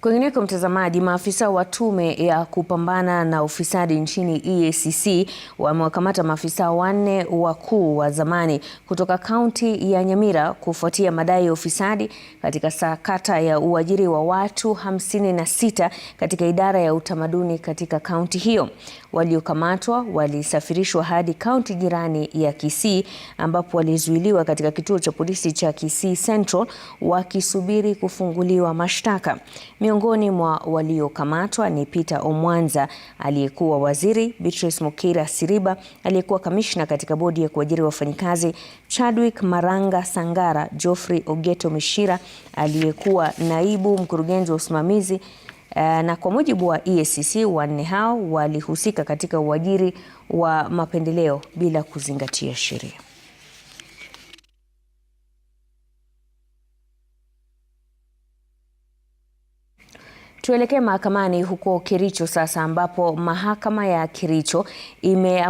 Kwingineko mtazamaji, maafisa wa tume ya kupambana na ufisadi nchini EACC wamewakamata maafisa wanne wakuu wa zamani kutoka kaunti ya Nyamira kufuatia madai ya ufisadi katika sakata ya uajiri wa watu 56 katika idara ya utamaduni katika kaunti hiyo. Waliokamatwa walisafirishwa hadi kaunti jirani ya Kisii ambapo walizuiliwa katika kituo cha polisi cha Kisii Central wakisubiri kufunguliwa mashtaka. Miongoni mwa waliokamatwa ni Peter Omwanza aliyekuwa waziri, Beatrice Mukira Siriba aliyekuwa kamishna katika bodi ya kuajiri wafanyikazi, Chadwick Maranga Sangara, Geoffrey Ogeto Mishira aliyekuwa naibu mkurugenzi wa usimamizi eh, na kwa mujibu wa EACC wanne hao walihusika katika uajiri wa mapendeleo bila kuzingatia sheria. Tuelekee mahakamani huko Kericho sasa ambapo mahakama ya Kericho imeamua